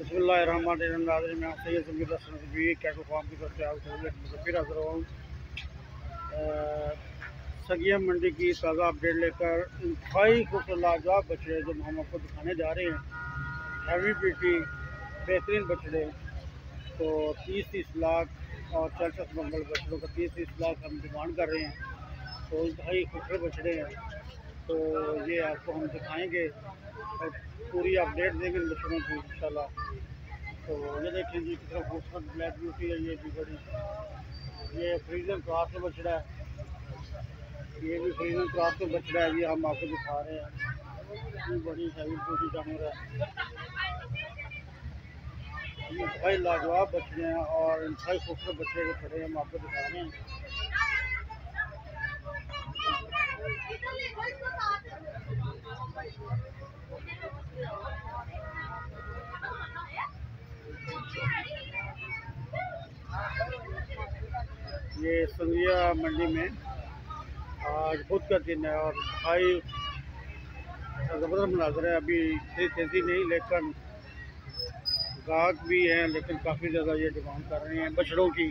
رسم اللہ ہوں سگیم منڈی کی تازہ اپڈیٹ لے کر انتہائی خوش لاجواب بچڑے جو محمد کو دکھانے جا رہے ہیں ہیوی پیٹی بہترین بچڑے تو تیس تیس لاکھ اور چس منگل بچڑوں کا تیس تیس لاکھ ہم ڈیمانڈ کر رہے ہیں تو انتہائی خوبصورت بچڑے ہیں تو یہ آپ کو ہم دکھائیں گے پوری اپ ڈیٹ دیں گے مشروم کی انشاءاللہ تو یہ دیکھیں جی کتنا خوبصورت بلیک بیوٹی ہے یہ بھی بڑی یہ فریزن کراس سے بچڑا ہے یہ بھی فریزن کراس سے بچڑا ہے یہ ہم آپ کو دکھا رہے ہیں یہ بڑی ہیوی بیوٹی جانور ہے یہ بھائی لاجواب بچڑے ہیں اور انتہائی خوبصورت بچڑے کے پڑے ہم آپ کو دکھا رہے ہیں یہ سنگیا منڈی میں آج بدھ کا دن ہے اور بھائی زبردست مناظر ہے ابھی اتنی تیزی نہیں لیکن گاہک بھی ہیں لیکن کافی زیادہ یہ ڈیمانڈ کر رہے ہیں بچڑوں کی